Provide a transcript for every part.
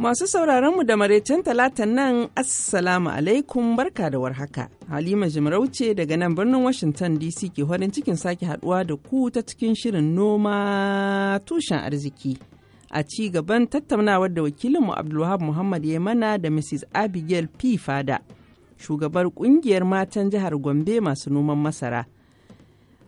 Masu sauraronmu da maraicen talatan nan Assalamu alaikum barka da warhaka. Halima Jimarauce daga nan birnin Washington DC ke farin cikin sake haduwa da ku ta cikin shirin noma tushen arziki. A ci gaban tattaunawar da wakilinmu Abdulwahab Muhammad ya mana da Mrs. Abigail P. Fada, shugabar kungiyar matan jihar Gombe masu noman masara.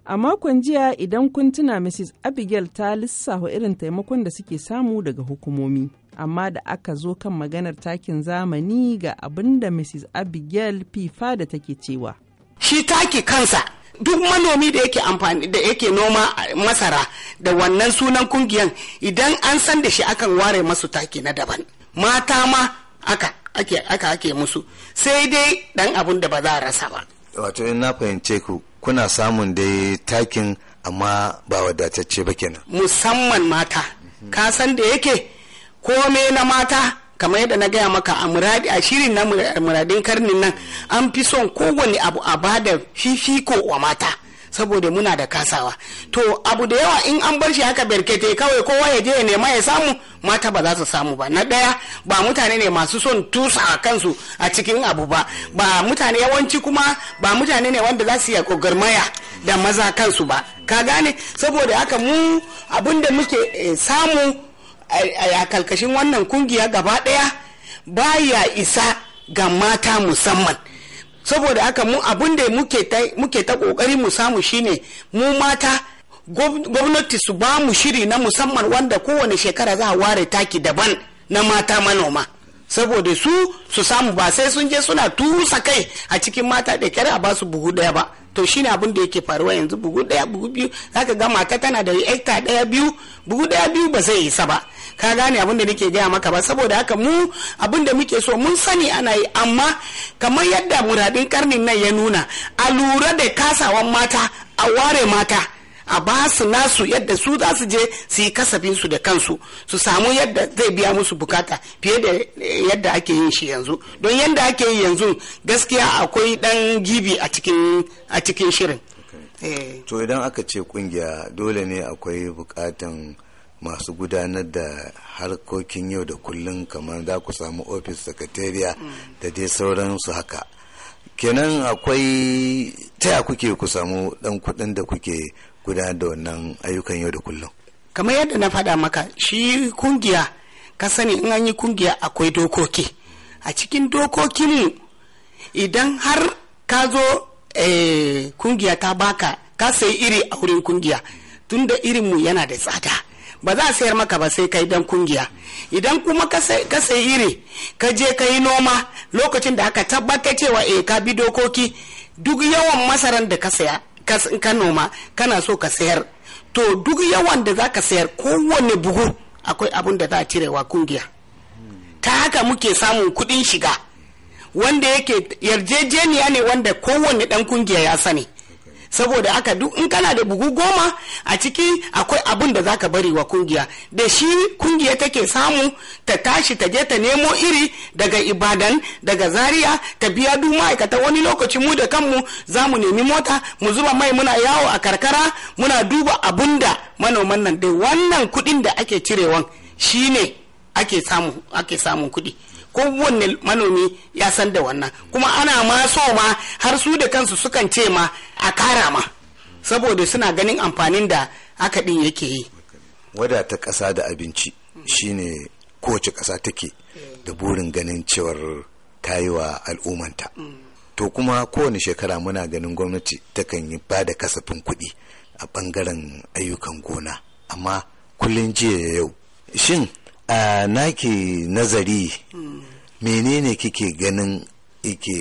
A makon jiya idan kun tuna Mrs. Abigail ta lissafa irin taimakon da suke samu daga hukumomi. amma da aka zo kan maganar takin zamani ga abin da Mrs. Abigail Pifa da take cewa. Shi taki kansa duk manomi da yake amfani da yake noma masara da wannan sunan kungiyan idan an san da shi akan ware masu taki na daban. Mata ma aka ake musu sai dai dan abun da ba za a rasa ba. Wato na fahimce ku kuna samun dai takin amma ba wadatacce ba kenan. Musamman mata, ka san da yake kome na mata kamar yadda na gaya maka a muradi a shirin na muradin karnin nan an fi son kowane abu a ba bada fifiko wa mata saboda muna da kasawa to abu da yawa in an bar shi haka berkete kawai kowa ya je ya nema ya samu mata ba za su samu ba na daya ba mutane ne masu son tusa a kansu a cikin abu ba ba mutane yawanci kuma ba mutane ne wanda za su yi kogarmaya da maza kansu ba ka gane saboda haka mu abun da muke eh, samu a kalkashin wannan kungiya gaba daya baya isa ga mata musamman saboda haka mu abin da muke ta kokari mu samu shine mu mata gwamnati su ba mu shiri na musamman wanda kowane shekara za a ware taki daban na mata manoma saboda su su samu ba sai sun je suna tusa kai a cikin mata da kyar a ba su buhu daya ba to shine abin da yake faruwa yanzu bugu daya bugu biyu zaka ga mata tana da ekta daya biyu bugu daya biyu ba zai isa ba ka gane abin da nake gaya maka ba saboda haka mu abin da muke so mun sani ana yi amma kamar yadda muradin karnin nan ya nuna a lura da kasawan mata a ware mata a ba su nasu yadda su za su je su yi kasafin su da kansu su samu yadda zai biya musu bukata fiye da yadda ake yin shi yanzu don yadda ake yi yanzu gaskiya akwai dan gibi a cikin a cikin shirin to idan aka ce kungiya dole ne akwai bukatan masu gudanar da harkokin yau da kullum kamar za ku samu ofis sakatariya da dai sauransu haka kenan akwai taya kuke ku samu dan kuɗin da kuke gudanar da wannan ayyukan yau da kullum kamar yadda na faɗa maka shi kungiya ka sani in an yi kungiya akwai dokoki a cikin dokokinmu idan har ka zo eh, kungiya ta baka ka sayi iri a wurin kungiya tun da irinmu yana da tsada ba za a sayar maka ba sai kai dan kungiya idan kuma ka sayi iri ka je ka yi noma lokacin da aka tabbatar cewa e ka bi dokoki duk yawan masaran da ka saya ka noma kana so ka sayar to duk yawan da za ka sayar kowane buhu akwai abun da za a cirewa kungiya ta haka muke samun kuɗin shiga wanda yake yarjejeniya ne wanda kowane dan kungiya ya sani saboda haka duk in kana da bugu goma a ciki akwai abin da zaka bari wa kungiya da shi kungiya take samu ta tashi ta je ta nemo iri daga ibadan daga zaria ta biya duk ma'aikata wani lokaci mu da kanmu za mu nemi mota mu zuba mai muna yawo a karkara muna duba abun da manoman nan dai wannan kuɗin da ake cirewan shi ne ake samun kuɗi kowanne manomi ya san da wannan kuma ana ma so ma har su da kansu sukan ce ma a kara ma saboda suna ganin amfanin da haka ɗin yake yi wadata ƙasa da abinci shine kowace ƙasa take da burin ganin cewar ta yi wa al'umanta to kuma kowane shekara muna ganin gwamnati takan yi ba da kasafin kuɗi a ɓangaren ayyukan gona amma kullum jiya yau shin a naki nazari hmm. menene kike ganin ike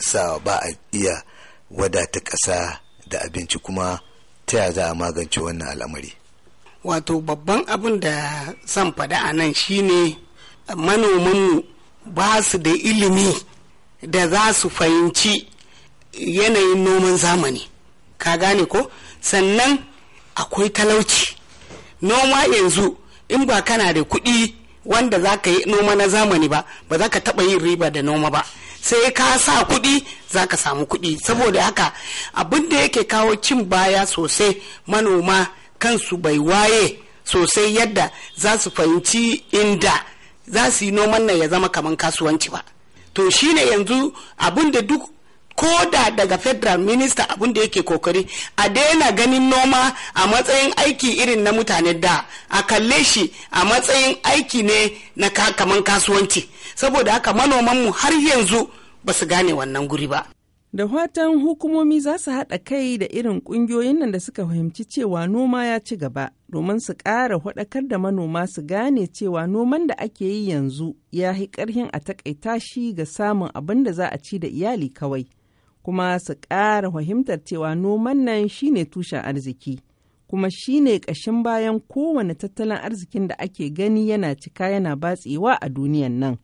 sa ba a iya wadata ƙasa da abinci kuma ta za a magance wannan al'amari wato babban abin da zan faɗa a nan shine manoman ba su da ilimi da za su fahimci yanayin noman zamani ka gane ko sannan akwai talauci noma yanzu in ba kana da kuɗi wanda za ka yi noma na zamani ba ba za ka taɓa yin riba da noma ba sai ka sa kuɗi za ka samu kuɗi saboda haka abin da yake kawo cin baya sosai manoma kansu bai waye sosai yadda za su fahimci inda za su yi noman nan ya zama kamar kasuwanci ba to shine yanzu abin da duk ko da daga federal minister abin da yake kokari a daina ganin noma a matsayin aiki irin na mutane da a kalle shi a matsayin aiki ne na kamar kasuwanci saboda haka manomanmu har yanzu ba su gane wannan guri ba da fatan hukumomi za su haɗa kai da irin ƙungiyoyin nan da suka fahimci cewa noma ya ci gaba domin su ƙara haɗakar da manoma su gane cewa noman da ake yi yanzu ya yi ƙarhin a taƙaita shi ga samun abin da za a ci da iyali kawai. kuma su ƙara fahimtar cewa noman nan shine tushen arziki kuma shine ƙashin bayan kowane tattalin arzikin da ake gani yana cika yana batsewa a duniyan nan.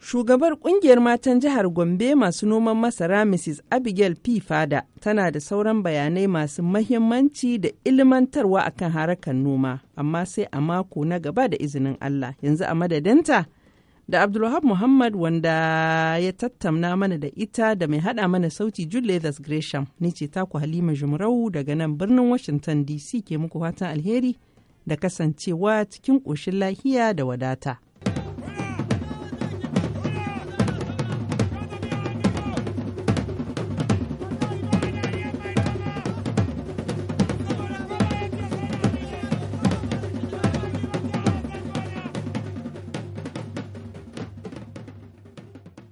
Shugabar kungiyar matan jihar Gombe masu noman masara Mrs. Abigail P. Fada tana da sauran bayanai masu mahimmanci da ilmantarwa akan harakan noma, amma sai a mako na gaba da izinin Allah. Yanzu a madadinta, da Abdulwahab Muhammad wanda ya tattamna mana da ita da mai haɗa mana sauti Julius Gresham ni ce taku Halima Jumrau daga nan birnin Washington DC ke muku fatan alheri da kasancewa cikin ƙoshin lahiya da wadata.